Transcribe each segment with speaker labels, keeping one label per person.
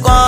Speaker 1: me com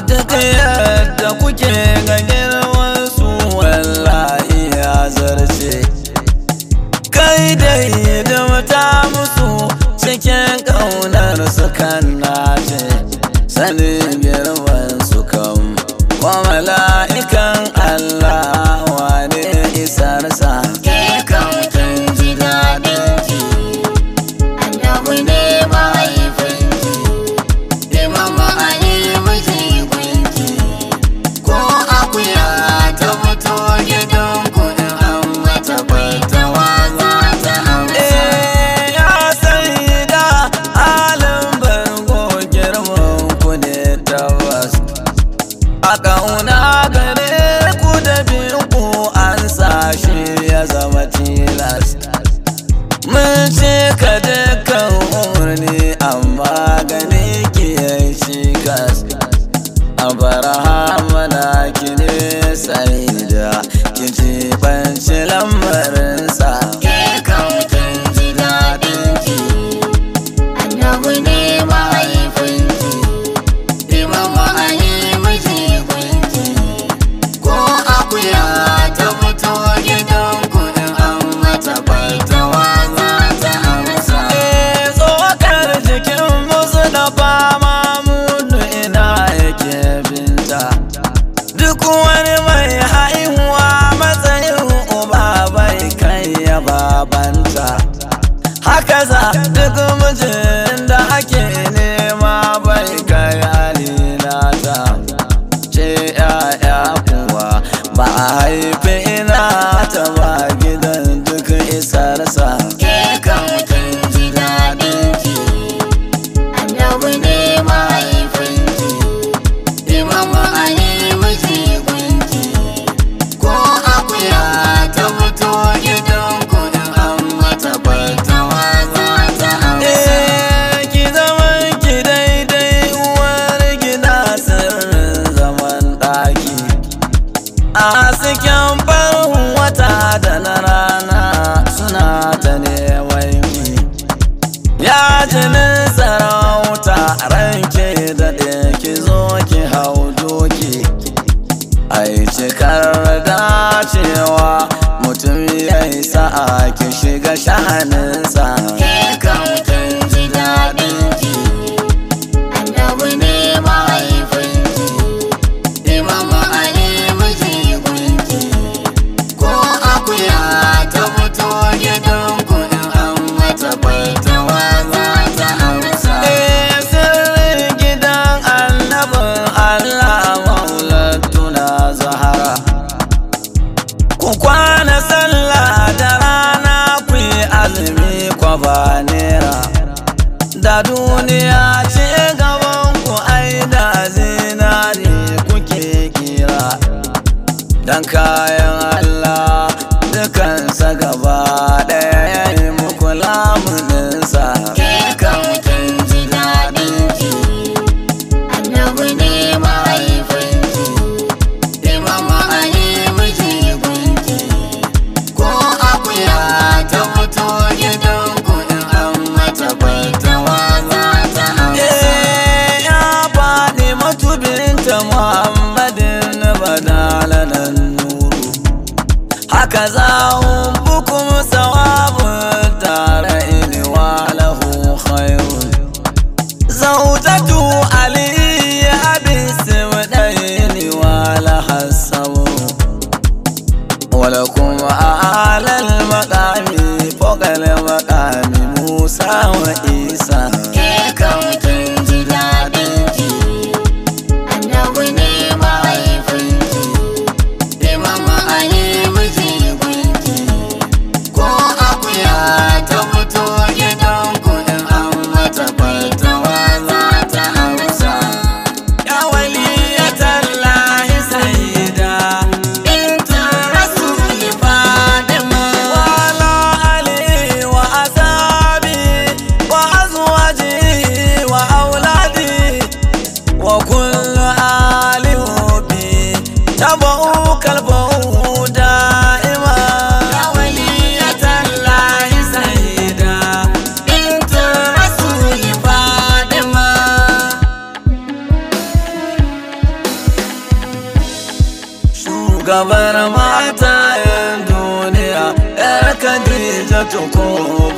Speaker 1: I done jinin sarauta ranke daɗe ki zo ki hau doki ai cikar dacewa mutum ya yi sa'a ki shiga sha'aninsa dan kayan gabar mata duniya 'yar kadija tukuru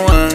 Speaker 1: one.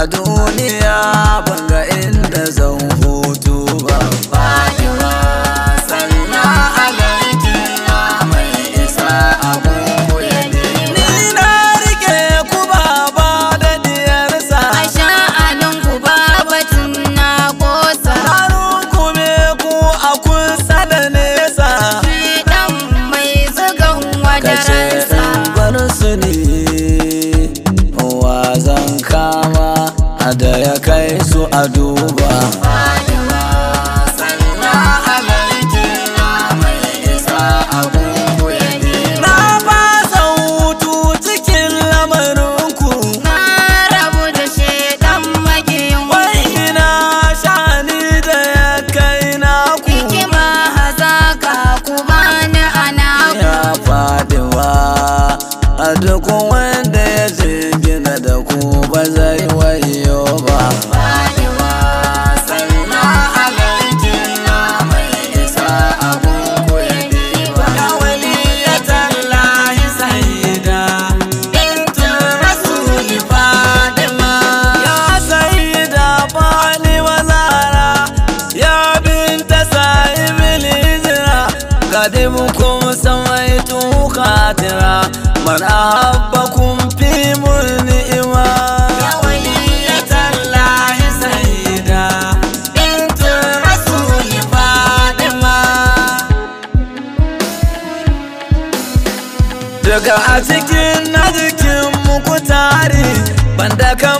Speaker 1: a duniya ban I do. Anda kau